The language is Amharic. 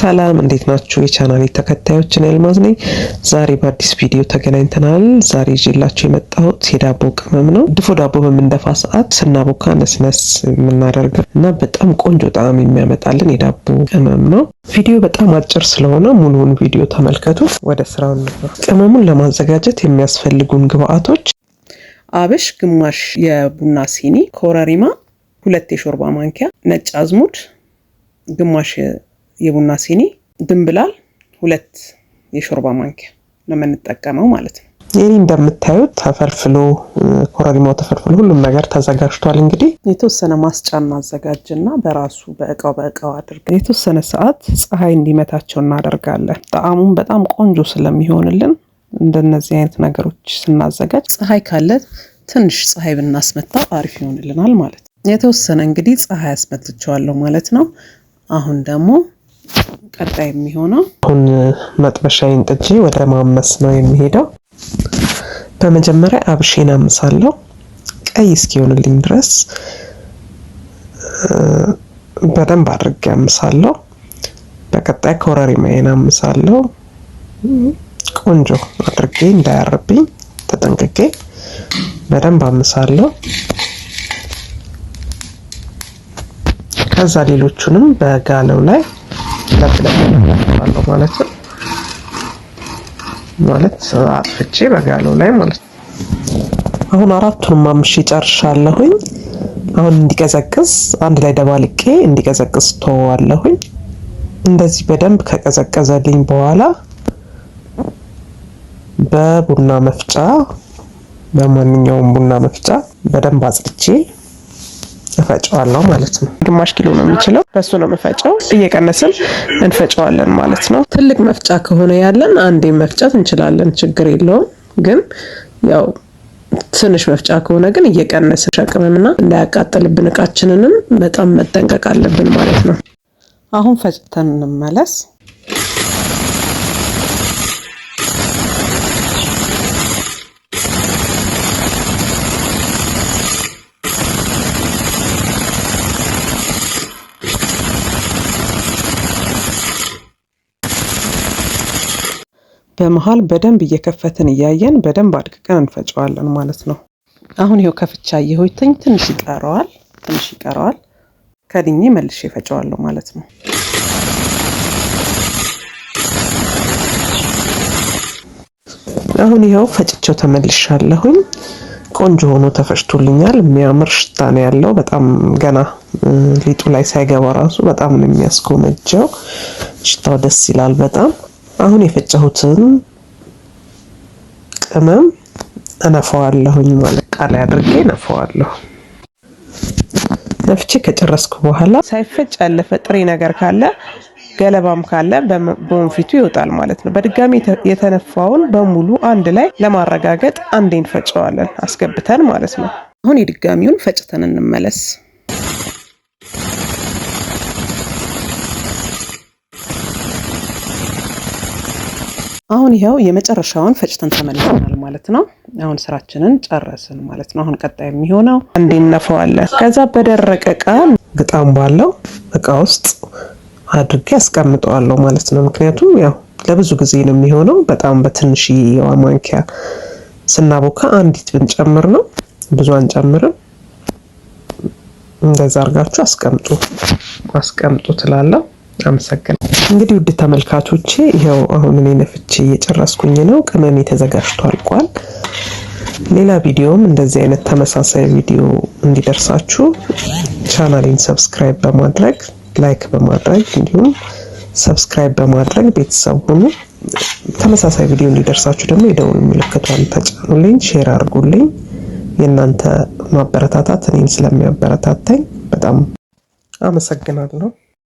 ሰላም እንዴት ናችሁ? የቻናል ተከታዮች እኔ አልማዝ ነኝ። ዛሬ በአዲስ ቪዲዮ ተገናኝተናል። ዛሬ ይዤላችሁ የመጣሁት የዳቦ ቅመም ነው። ድፎ ዳቦ በምንደፋ ሰዓት ስናቦካ ነስነስ የምናደርገው እና በጣም ቆንጆ ጣዕም የሚያመጣልን የዳቦ ቅመም ነው። ቪዲዮ በጣም አጭር ስለሆነ ሙሉውን ቪዲዮ ተመልከቱ። ወደ ስራው እንግባ። ቅመሙን ለማዘጋጀት የሚያስፈልጉን ግብአቶች አብሽ ግማሽ የቡና ሲኒ፣ ኮረሪማ ሁለት የሾርባ ማንኪያ፣ ነጭ አዝሙድ ግማሽ የቡና ሲኒ ድንብላል ሁለት የሾርባ ማንኪያ ነው የምንጠቀመው ማለት ነው። ይህ እንደምታዩት ተፈልፍሎ ኮረሪማው ተፈልፍሎ ሁሉም ነገር ተዘጋጅቷል። እንግዲህ የተወሰነ ማስጫ እናዘጋጅና በራሱ በእቃው በእቃው አድርገን የተወሰነ ሰዓት ፀሐይ እንዲመታቸው እናደርጋለን። ጣዕሙን በጣም ቆንጆ ስለሚሆንልን እንደነዚህ አይነት ነገሮች ስናዘጋጅ ፀሐይ ካለ ትንሽ ፀሐይ ብናስመታ አሪፍ ይሆንልናል ማለት ነው። የተወሰነ እንግዲህ ፀሐይ አስመትቸዋለሁ ማለት ነው። አሁን ደግሞ ቀጣይ የሚሆነው። አሁን መጥበሻዬን ጥጄ ወደ ማመስ ነው የሚሄደው። በመጀመሪያ አብሼን አምሳለሁ ቀይ እስኪሆንልኝ ድረስ በደንብ አድርጌ አምሳለሁ። በቀጣይ ኮረሪማዬን አምሳለሁ። ቆንጆ አድርጌ እንዳያርብኝ ተጠንቅቄ በደንብ አምሳለሁ። ከዛ ሌሎቹንም በጋለው ላይ ለፍለፍ ማለት ነው። ማለት አጥፍቼ በጋለው ላይ ማለት ነው። አሁን አራቱንም አምሼ ጨርሻለሁኝ። አሁን እንዲቀዘቅዝ አንድ ላይ ደባልቄ እንዲቀዘቅዝ ተወዋለሁኝ። እንደዚህ በደንብ ከቀዘቀዘልኝ በኋላ በቡና መፍጫ፣ በማንኛውም ቡና መፍጫ በደንብ አጽድቼ እፈጨዋለሁ ማለት ነው። ግማሽ ኪሎ ነው የሚችለው፣ በሱ ነው የምፈጨው። እየቀነስን እንፈጨዋለን ማለት ነው። ትልቅ መፍጫ ከሆነ ያለን አንዴ መፍጨት እንችላለን፣ ችግር የለውም። ግን ያው ትንሽ መፍጫ ከሆነ ግን እየቀነስን ሸቅምምና እንዳያቃጥልብን እቃችንንም በጣም መጠንቀቅ አለብን ማለት ነው። አሁን ፈጭተን እንመለስ። በመሃል በደንብ እየከፈትን እያየን በደንብ አድቅቀን እንፈጨዋለን ማለት ነው። አሁን ይኸው ከፍቻ እየሆይተኝ ትንሽ ይቀረዋል ትንሽ ይቀረዋል። ከድኜ መልሼ እፈጨዋለሁ ማለት ነው። አሁን ይኸው ፈጭቸው ተመልሻለሁኝ። ቆንጆ ሆኖ ተፈጭቶልኛል። የሚያምር ሽታ ነው ያለው። በጣም ገና ሊጡ ላይ ሳይገባ ራሱ በጣም ነው የሚያስጎመጀው። ሽታው ደስ ይላል በጣም አሁን የፈጨሁትን ቅመም እነፋዋለሁኝ ማለት ቃል አድርጌ ነፈዋለሁ ነፍቼ ከጨረስኩ በኋላ ሳይፈጭ ያለፈ ጥሬ ነገር ካለ ገለባም ካለ በወንፊቱ ይወጣል ማለት ነው። በድጋሚ የተነፋውን በሙሉ አንድ ላይ ለማረጋገጥ አንዴ እንፈጨዋለን አስገብተን ማለት ነው። አሁን የድጋሚውን ፈጭተን እንመለስ። አሁን ይኸው የመጨረሻውን ፈጭተን ተመልሰናል ማለት ነው። አሁን ስራችንን ጨረስን ማለት ነው። አሁን ቀጣይ የሚሆነው እንዲነፈዋለን። ከዛ በደረቀ እቃ ግጣም ባለው እቃ ውስጥ አድርጌ አስቀምጠዋለሁ ማለት ነው። ምክንያቱም ያው ለብዙ ጊዜ ነው የሚሆነው። በጣም በትንሽዬዋ ማንኪያ ስናቦካ አንዲት ብንጨምር ነው፣ ብዙ አንጨምርም። እንደዛ አርጋችሁ አስቀምጡ አስቀምጡ ትላለሁ። አመሰግናለሁ። እንግዲህ ውድ ተመልካቾቼ ይኸው አሁን እኔ ነፍቼ እየጨረስኩኝ ነው። ቅመሜ ተዘጋጅቶ አልቋል። ሌላ ቪዲዮም እንደዚህ አይነት ተመሳሳይ ቪዲዮ እንዲደርሳችሁ ቻናሌን ሰብስክራይብ በማድረግ ላይክ በማድረግ እንዲሁም ሰብስክራይብ በማድረግ ቤተሰብ ሁኑ። ተመሳሳይ ቪዲዮ እንዲደርሳችሁ ደግሞ የደውል ምልክቷን ተጫኑልኝ፣ ሼር አድርጉልኝ። የእናንተ ማበረታታት እኔን ስለሚያበረታታኝ በጣም አመሰግናለሁ።